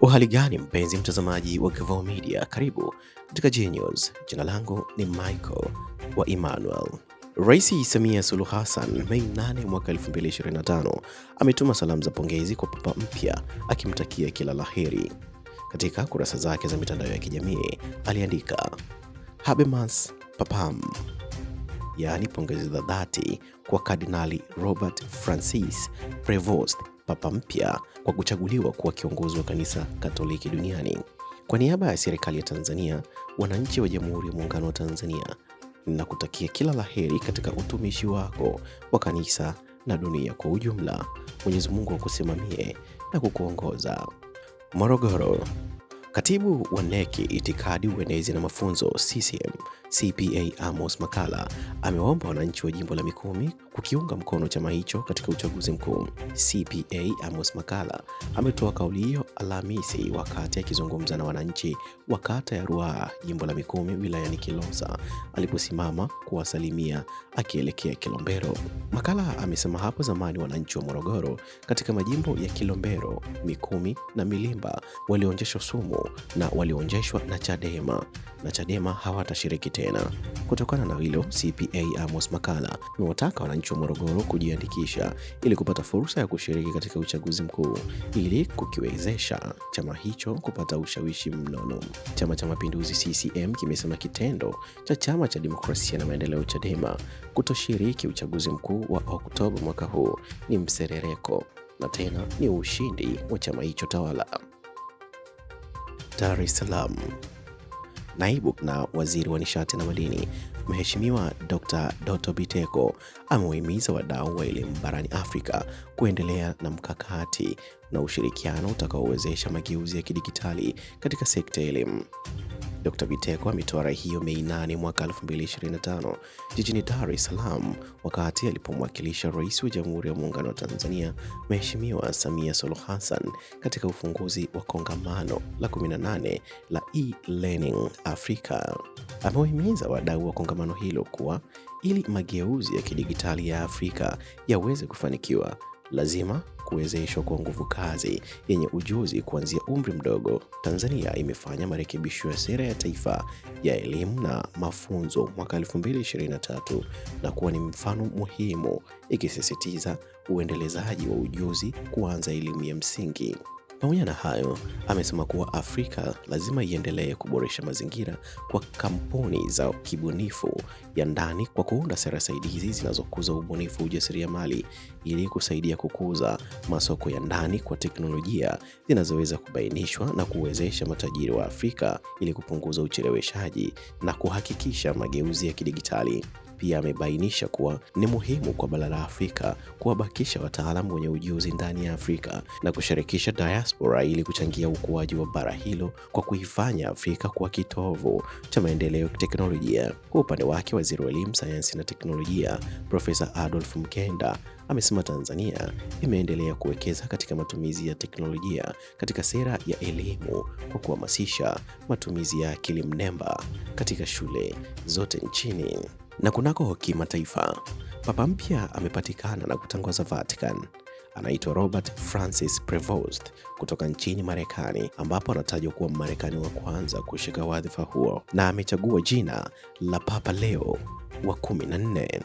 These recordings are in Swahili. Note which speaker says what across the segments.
Speaker 1: Uhali gani mpenzi mtazamaji wa Gavoo Media, karibu katika Genius. Jina langu ni Michael wa Emmanuel. Rais Samia Suluhu Hassan Mei 8 mwaka 2025 ametuma salamu za pongezi kwa Papa mpya akimtakia kila laheri. Katika kurasa zake za mitandao ya kijamii aliandika Habemas Papam, yaani pongezi za dhati kwa Kardinali Robert Francis Prevost papa mpya kwa kuchaguliwa kuwa kiongozi wa kanisa Katoliki duniani. Kwa niaba ya serikali ya Tanzania, wananchi wa Jamhuri ya Muungano wa Tanzania, ninakutakia kila laheri katika utumishi wako wa kanisa na dunia kwa ujumla. Mwenyezi Mungu akusimamie na kukuongoza. Morogoro. Katibu wa NEC Itikadi, Uenezi na Mafunzo CCM CPA Amos makala amewaomba wananchi wa jimbo la Mikumi kukiunga mkono chama hicho katika uchaguzi mkuu. CPA Amos makala ametoa kauli hiyo Alhamisi wakati akizungumza na wananchi wa kata ya Ruaha, jimbo la Mikumi, wilayani Kilosa, aliposimama kuwasalimia akielekea Kilombero. makala amesema hapo zamani wananchi wa Morogoro katika majimbo ya Kilombero, Mikumi na Milimba walionjeshwa sumu na walionjeshwa na Chadema na Chadema hawatashiriki tena. Kutokana na hilo, CPA Amos makala amewataka wananchi wa Morogoro kujiandikisha ili kupata fursa ya kushiriki katika uchaguzi mkuu ili kukiwezesha chama hicho kupata ushawishi mnono. Chama cha Mapinduzi CCM kimesema kitendo cha Chama cha Demokrasia na Maendeleo Chadema kutoshiriki uchaguzi mkuu wa Oktoba mwaka huu ni mserereko na tena ni ushindi wa chama hicho tawala. Dar es Salaam. Naibu na waziri wa nishati na madini Mheshimiwa Dr. Doto Biteko amewahimiza wadau wa elimu barani Afrika kuendelea na mkakati na ushirikiano utakaowezesha mageuzi ya kidigitali katika sekta ya elimu. Dr. Biteko ametoa rai hiyo Mei 8 mwaka 2025 jijini Dar es Salaam wakati alipomwakilisha Rais wa Jamhuri ya Muungano wa Tanzania Mheshimiwa Samia Suluhu Hassan katika ufunguzi wa kongamano la 18 la e-learning Afrika. Amewahimiza wadau wa kongamano hilo kuwa ili mageuzi ya kidigitali ya Afrika yaweze kufanikiwa lazima kuwezeshwa kwa nguvu kazi yenye ujuzi kuanzia umri mdogo, Tanzania imefanya marekebisho ya Sera ya Taifa ya Elimu na Mafunzo mwaka 2023 na kuwa ni mfano muhimu, ikisisitiza uendelezaji wa ujuzi kuanza elimu ya msingi. Pamoja na hayo, amesema kuwa Afrika lazima iendelee kuboresha mazingira kwa kampuni za kibunifu ya ndani kwa kuunda sera saidizi zinazokuza ubunifu ujasiriamali ili kusaidia kukuza masoko ya ndani kwa teknolojia zinazoweza kubainishwa na kuwezesha matajiri wa Afrika ili kupunguza ucheleweshaji na kuhakikisha mageuzi ya kidigitali. Pia amebainisha kuwa ni muhimu kwa bara la Afrika kuwabakisha wataalamu wenye ujuzi ndani ya Afrika na kushirikisha diaspora ili kuchangia ukuaji wa bara hilo kwa kuifanya Afrika kuwa kitovu cha maendeleo ya teknolojia. Kwa upande wake, waziri wa elimu, sayansi na teknolojia Profesa Adolf Mkenda amesema Tanzania imeendelea kuwekeza katika matumizi ya teknolojia katika sera ya elimu kwa kuhamasisha matumizi ya akili mnemba katika shule zote nchini. Na kunako kimataifa, papa mpya amepatikana na kutangaza Vatican anaitwa Robert Francis Prevost kutoka nchini Marekani, ambapo anatajwa kuwa Mmarekani wa kwanza kushika wadhifa huo na amechagua jina la Papa Leo wa 14.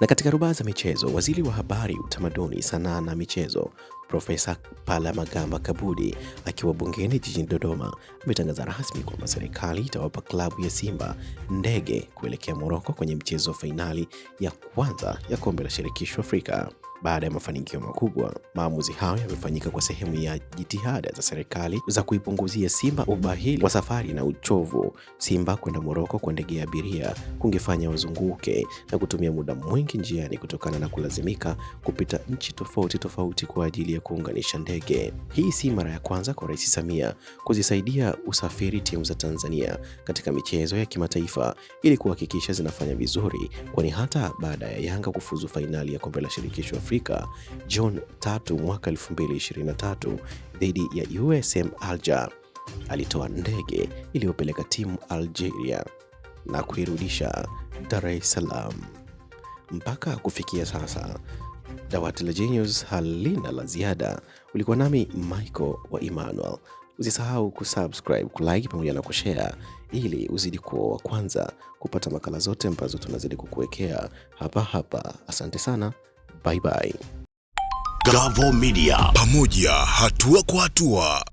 Speaker 1: Na katika rubaa za michezo, waziri wa habari, utamaduni, sanaa na michezo Profesa Palamagamba Kabudi akiwa bungeni jijini Dodoma ametangaza rasmi kwamba serikali itawapa klabu ya Simba ndege kuelekea Moroko kwenye mchezo wa fainali ya kwanza ya kombe la shirikisho Afrika. Baada ya mafanikio makubwa, maamuzi hayo yamefanyika kwa sehemu ya jitihada za serikali za kuipunguzia Simba ubahili wa safari na uchovu. Simba kwenda Moroko kwa ndege ya abiria kungefanya wazunguke na kutumia muda mwingi njiani kutokana na kulazimika kupita nchi tofauti tofauti kwa ajili ya kuunganisha ndege. Hii si mara ya kwanza kwa Rais Samia kuzisaidia usafiri timu za Tanzania katika michezo ya kimataifa ili kuhakikisha zinafanya vizuri, kwani hata baada ya Yanga kufuzu fainali ya Kombe la Shirikisho Afrika John tatu mwaka 2023 dhidi ya USM Alger alitoa ndege iliyopeleka timu Algeria na kuirudisha Dar es Salaam. Mpaka kufikia sasa Dawati la Genius halina la ziada. Ulikuwa nami Michael wa Emmanuel. Usisahau kusubscribe, kulike pamoja na kushare ili uzidi kuwa wa kwanza kupata makala zote ambazo tunazidi kukuwekea hapa hapa. Asante sana, bye bye. pamoja hatua kwa hatua.